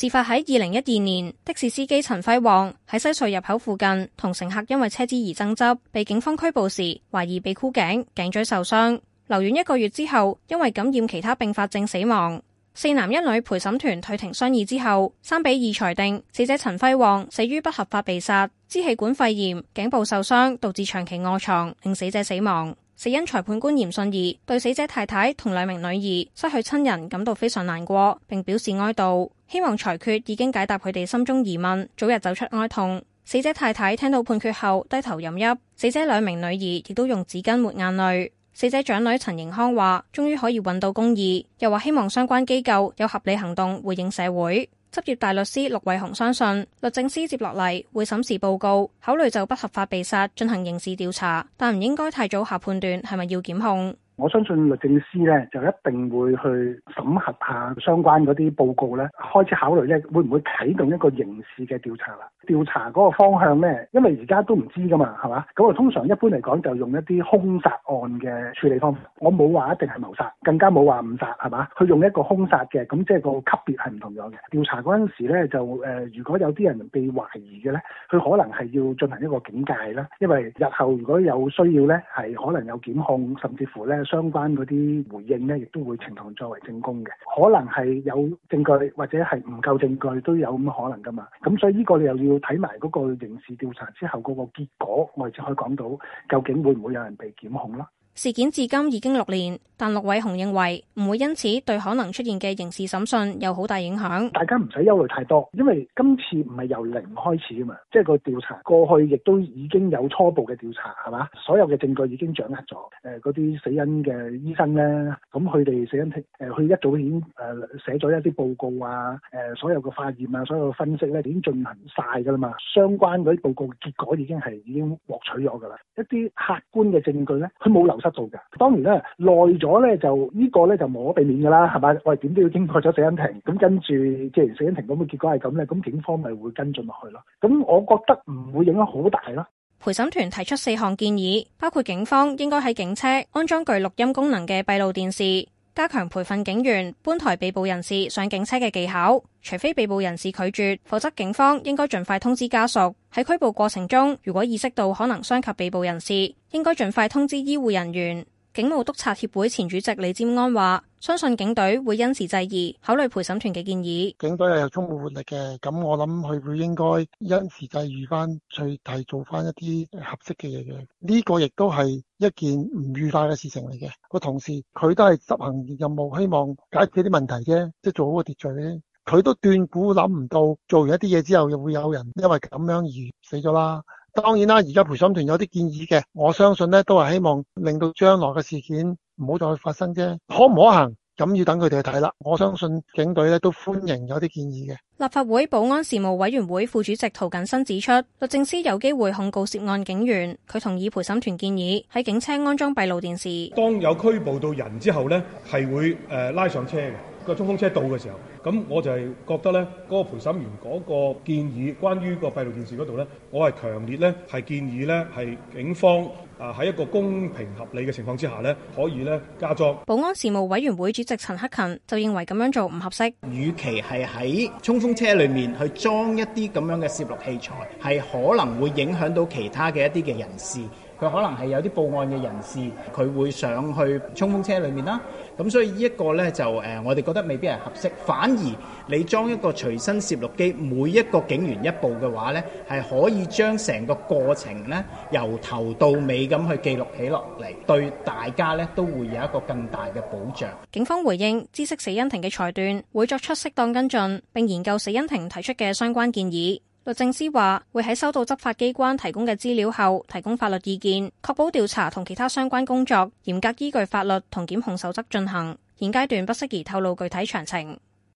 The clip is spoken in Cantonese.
事發喺二零一二年，的士司機陳輝旺喺西隧入口附近同乘客因為車資而爭執，被警方拘捕時懷疑被箍頸，頸椎受傷，留院一個月之後因為感染其他併發症死亡。四男一女陪審團退庭商議之後，三比二裁定死者陳輝旺死於不合法被殺，支氣管肺炎、頸部受傷導致長期臥床，令死者死亡。死因裁判官嚴信儀對死者太太同兩名女兒失去親人感到非常難過，並表示哀悼，希望裁決已經解答佢哋心中疑問，早日走出哀痛。死者太太聽到判決後低頭飲泣，死者兩名女兒亦都用紙巾抹眼淚。死者長女陳盈康話，終於可以揾到公義，又話希望相關機構有合理行動回應社會。執業大律師陸偉雄相信，律政司接落嚟會審視報告，考慮就不合法被殺進行刑事調查，但唔應該太早下判斷係咪要檢控。我相信律政司咧就一定會去審核下相關嗰啲報告咧，開始考慮咧會唔會啟動一個刑事嘅調查啦？調查嗰個方向咧，因為而家都唔知噶嘛，係嘛？咁啊，通常一般嚟講就用一啲兇殺案嘅處理方法。我冇話一定係謀殺，更加冇話誤殺，係嘛？佢用一個兇殺嘅，咁即係個級別係唔同樣嘅。調查嗰陣時咧就誒、呃、如果有啲人被懷疑嘅咧，佢可能係要進行一個警戒啦，因為日後如果有需要咧，係可能有檢控甚至乎咧。相關嗰啲回應咧，亦都會呈堂作為證供嘅。可能係有證據，或者係唔夠證據，都有咁可能噶嘛。咁所以呢個你又要睇埋嗰個刑事調查之後嗰個結果，我哋就可以講到究竟會唔會有人被檢控啦。事件至今已經六年，但陸偉雄認為唔會因此對可能出現嘅刑事審訊有好大影響。大家唔使憂慮太多，因為今次唔係由零開始啊嘛，即係個調查過去亦都已經有初步嘅調查，係嘛？所有嘅證據已經掌握咗。誒、呃，嗰啲死因嘅醫生咧，咁佢哋死因，誒，佢一早已經誒寫咗一啲報告啊，誒、呃，所有嘅化驗啊，所有嘅分析咧，已經進行晒噶啦嘛。相關嗰啲報告結果已經係已經獲取咗噶啦，一啲客觀嘅證據咧，佢冇留。失當然咧，耐咗咧，就呢個咧，就冇可避免噶啦，係咪？我哋點都要經過咗死因庭，咁跟住既然死因庭咁嘅結果係咁咧，咁警方咪會跟進落去咯。咁我覺得唔會影響好大咯。陪審團提出四項建議，包括警方應該喺警車安裝具錄音功能嘅閉路電視，加強培訓警員搬台被捕人士上警車嘅技巧，除非被捕人士拒絕，否則警方應該盡快通知家屬。喺拘捕過程中，如果意識到可能傷及被捕人士，應該盡快通知醫護人員。警務督察協會前主席李占安話，相信警隊會因時制宜考慮陪審團嘅建議。警隊係有充滿活力嘅，咁我諗佢會應該因時制宜翻，去提做翻一啲合適嘅嘢嘅。呢個亦都係一件唔愉快嘅事情嚟嘅。個同事佢都係執行任務，希望解決啲問題啫，即係做好個秩序咧。佢都斷估諗唔到做完一啲嘢之後又會有人因為咁樣而死咗啦。當然啦，而家陪審團有啲建議嘅，我相信呢都係希望令到將來嘅事件唔好再發生啫。可唔可行咁要等佢哋去睇啦。我相信警隊咧都歡迎有啲建議嘅。立法會保安事務委員會副主席涂謹申指出，律政司有機會控告涉案警員。佢同意陪審團建議喺警車安裝閉路電視。有電視，當有拘捕到人之後呢，係會誒拉上車嘅。個衝鋒車到嘅時候，咁我就係覺得呢，嗰個陪審員嗰個建議關於個閉路電視嗰度呢，我係強烈呢係建議呢係警方啊喺一個公平合理嘅情況之下呢，可以呢加裝。保安事務委員會主席陳克勤就認為咁樣做唔合適，與其係喺衝鋒車裡面去裝一啲咁樣嘅攝錄器材，係可能會影響到其他嘅一啲嘅人士。佢可能係有啲報案嘅人士，佢會上去衝鋒車裏面啦。咁所以呢一個咧就誒，我哋覺得未必係合適，反而你裝一個隨身攝錄機，每一個警員一部嘅話咧，係可以將成個過程咧由頭到尾咁去記錄起落嚟，對大家咧都會有一個更大嘅保障。警方回應知識死因庭嘅裁斷，會作出適當跟進，並研究死因庭提出嘅相關建議。律政司話會喺收到執法機關提供嘅資料後，提供法律意見，確保調查同其他相關工作，嚴格依據法律同檢控守則進行。現階段不適宜透露具體詳情。